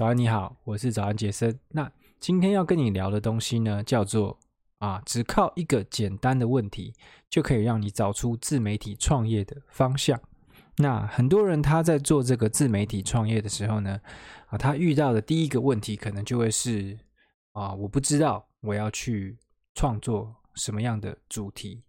早安，你好，我是早安傑森。那今天要跟你聊的東西呢，叫做啊，只靠一個簡單的問題就可以讓你找出自媒體創業的方向。那很多人他在做這個自媒體創業的時候呢，啊，他遇到的第一個問題可能就會是啊，我不知道我要去創作什麼樣的主題。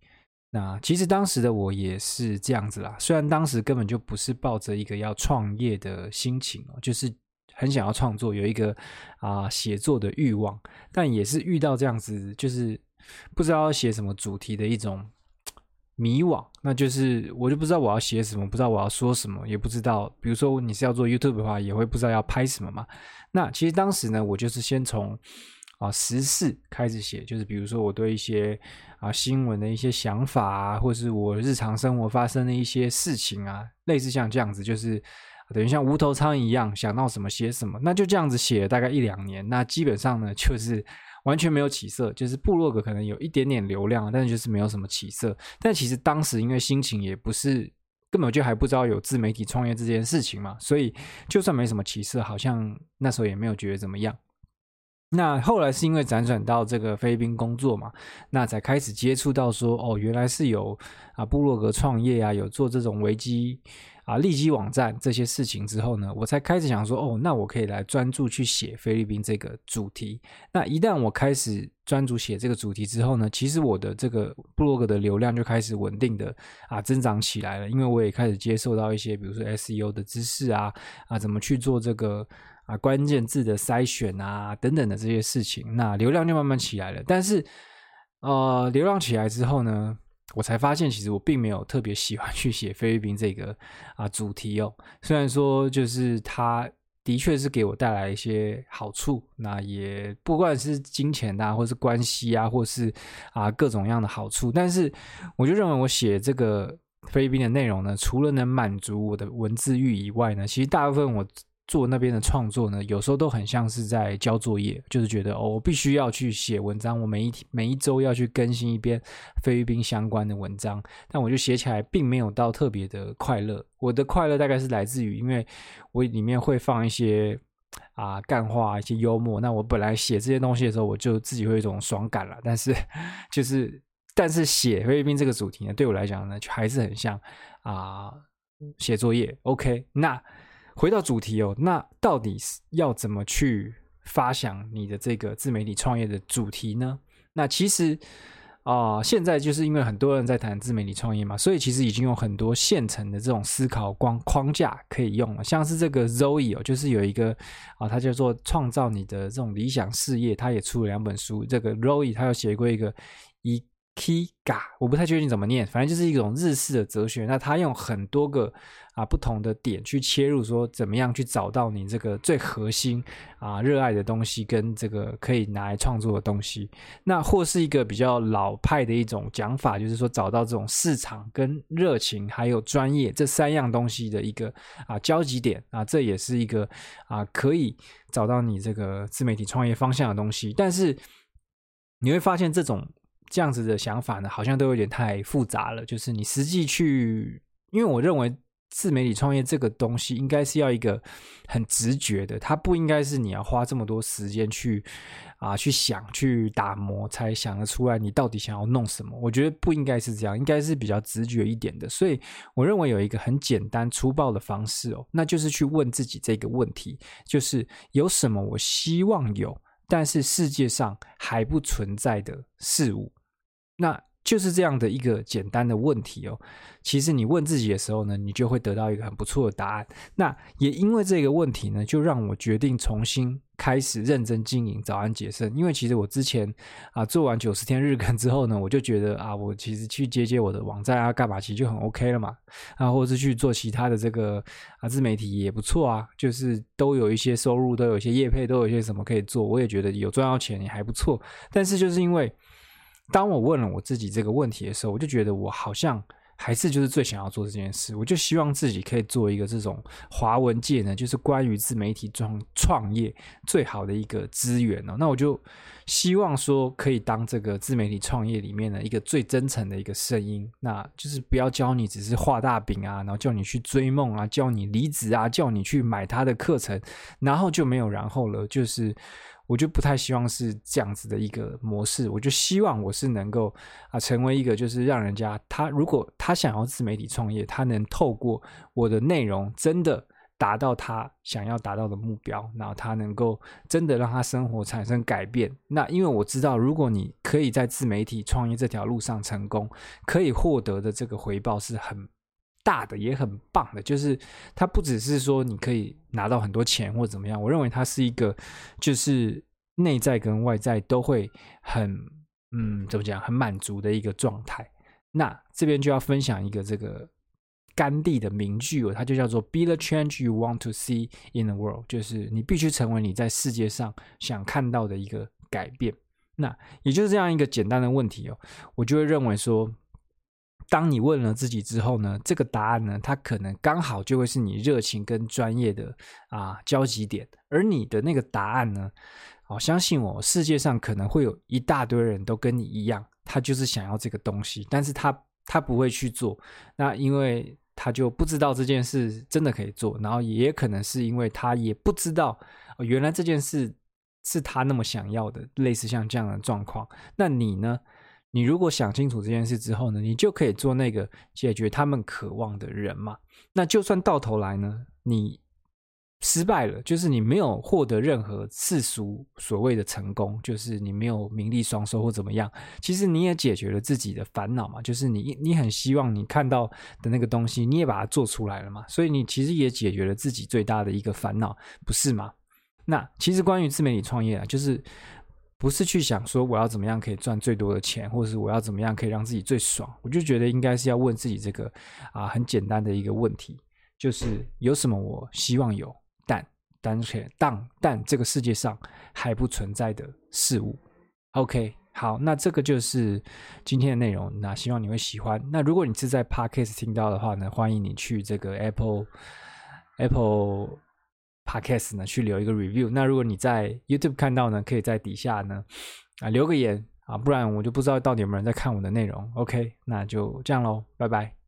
那其實當時的我也是這樣子啦，雖然當時根本就不是抱着一個要創業的心情，就是。很想要創作，有一個啊、呃、寫作的慾望，但也是遇到這樣子，就是不知道要寫什麼主題的一種迷惘。那就是我就不知道我要寫什麼，不知道我要說什麼，也不知道，比如說你是要做 YouTube 的話，也會不知道要拍什麼嘛。那其實當時呢，我就是先從啊時事開始寫，就是比如說我對一些啊、呃、新聞的一些想法啊，或是我日常生活發生的一些事情啊，類似像這樣子，就是。等於像無頭蒼蠅一樣，想到什麼寫什麼，那就這樣子寫了大概一兩年，那基本上呢，就是完全沒有起色，就是部落格可能有一點點流量，但是就是沒有什麼起色。但其實當時因為心情也不是，根本就還不知道有自媒體創業這件事情嘛，所以就算沒什麼起色，好像那時候也沒有覺得怎麼樣。那後來是因為輾轉到這個菲律賓工作嘛，那才開始接觸到說哦，原來是有啊，部落格創業啊，有做這種維基啊、利基網站這些事情之後呢，我才開始想說哦，那我可以來專注去寫菲律賓這個主題。那一旦我開始專注寫這個主題之後呢，其實我的這個部落格的流量就開始穩定的啊增長起來了，因為我也開始接受到一些比如說 SEO 的知識啊啊，怎麼去做這個。啊，關鍵字的篩選啊，等等的這些事情，那流量就慢慢起來了。但是，呃，流量起來之後呢，我才發現，其實我並沒有特別喜歡去寫菲律賓這個啊主題哦。雖然說，就是它的確是給我帶來一些好處，那也不管是金錢啊，或是關係啊，或是啊各種各樣的好處。但是，我就認為我寫這個菲律賓的內容呢，除了能滿足我的文字慾以外呢，其實大部分我。做那邊的創作呢，有時候都很像是在交作業，就是覺得哦，我必須要去寫文章，我每一每一周要去更新一篇菲律賓相關的文章，但我就寫起來並沒有到特別的快樂。我的快樂大概是來自於，因為我裡面會放一些啊、呃、干話，一些幽默。那我本來寫這些東西的時候，我就自己會有一種爽感了。但是，就是但是寫菲律賓這個主題呢，對我來講呢，就還是很像啊、呃、寫作業。OK，那。回到主題哦，那到底是要怎麼去發想你的這個自媒體創業的主題呢？那其實啊、呃，現在就是因為很多人在談自媒體創業嘛，所以其實已經有很多現成的這種思考光框架可以用了，像是這個 Zoey 哦，就是有一個啊，他、呃、叫做創造你的這種理想事業，他也出了兩本書，這個 Zoey 他有寫過一個一。Ikigai，我不太確定怎麼念，反正就是一種日式的哲學。那他用很多個啊，不同的點去切入，說怎麼樣去找到你這個最核心啊，熱愛的東西跟這個可以拿來創作的東西。那或是一個比較老派的一種講法，就是說找到這種市場跟熱情還有專業這三樣東西的一個啊交集點啊，這也是一個啊可以找到你這個自媒體創業方向的東西。但是你會發現這種。這樣子的想法呢，好像都有點太複雜了。就是你實際去，因為我認為自媒體創業這個東西，應該是要一個很直覺的，它不應該是你要花這麼多時間去啊去想、去打磨才想得出來你到底想要弄什麼。我覺得不應該是這樣，應該是比較直覺一點的。所以我認為有一個很簡單粗暴的方式哦、喔，那就是去問自己這個問題：就是有什麼我希望有，但是世界上還不存在的事物？那就是這樣的一個簡單的問題哦。其實你問自己的時候呢，你就會得到一個很不錯的答案。那也因為這個問題呢，就讓我決定重新開始認真經營早安傑森。因為其實我之前啊做完九十天日更之後呢，我就覺得啊，我其實去接接我的網站啊幹嘛，其實就很 OK 了嘛。啊，或者是去做其他的這個啊自媒體也不錯啊，就是都有一些收入，都有一些業配，都有一些什麼可以做，我也覺得有賺到錢也還不錯。但是就是因為。當我問了我自己這個問題的時候，我就覺得我好像還是就是最想要做這件事。我就希望自己可以做一個這種華文界呢，就是關於自媒體創創業最好的一個資源。那我就希望說，可以當這個自媒體創業裡面的一個最真誠的一個聲音。那就是不要教你只是畫大餅啊，然後叫你去追夢啊，叫你離職啊，叫你去買他的課程，然後就沒有然後了，就是。我就不太希望是這樣子的一個模式，我就希望我是能夠啊成為一個，就是讓人家他如果他想要自媒體創業，他能透過我的內容，真的達到他想要達到的目標，然後他能夠真的讓他生活產生改變。那因為我知道，如果你可以在自媒體創業這條路上成功，可以獲得的這個回報是很大的，也很棒的，就是它不只是說你可以拿到很多錢或者怎麼樣，我認為它是一個，就是內在跟外在都會很，嗯，怎麼講，很滿足的一個狀態。那這邊就要分享一個這個甘地的名句哦，它就叫做 “Be the change you want to see in the world”，就是你必須成為你在世界上想看到的一個改變。那也就是這樣一個簡單的問題哦，我就會認為說。當你問了自己之後呢，這個答案呢，它可能剛好就會是你熱情跟專業的啊交集點。而你的那個答案呢，我、哦、相信我，世界上可能會有一大堆人都跟你一樣，他就是想要這個東西，但是他他不會去做，那因為他就不知道這件事真的可以做，然後也可能是因為他也不知道、哦、原來這件事是他那麼想要的，類似像這樣的狀況。那你呢？你如果想清楚這件事之後呢，你就可以做那個解決他們渴望的人嘛。那就算到頭來呢，你失敗了，就是你沒有獲得任何世俗所謂的成功，就是你沒有名利雙收或怎麼樣，其實你也解決了自己的煩惱嘛。就是你你很希望你看到的那個東西，你也把它做出來了嘛。所以你其實也解決了自己最大的一個煩惱，不是嗎？那其實關於自媒體創業啊，就是。不是去想說我要怎麼樣可以賺最多的錢，或者是我要怎麼樣可以讓自己最爽，我就覺得應該是要問自己這個啊，很簡單的一個問題，就是有什麼我希望有，但但純當但，但這個世界上還不存在的事物。OK，好，那這個就是今天的內容，那希望你會喜歡。那如果你是在 Podcast 聽到的話呢，歡迎你去這個 Apple，Apple。Podcast 呢去留一個 review，那如果你在 YouTube 看到呢，可以在底下呢啊、呃、留個言啊，不然我就不知道到底有沒有人在看我的內容。OK，那就這樣嘍，拜拜。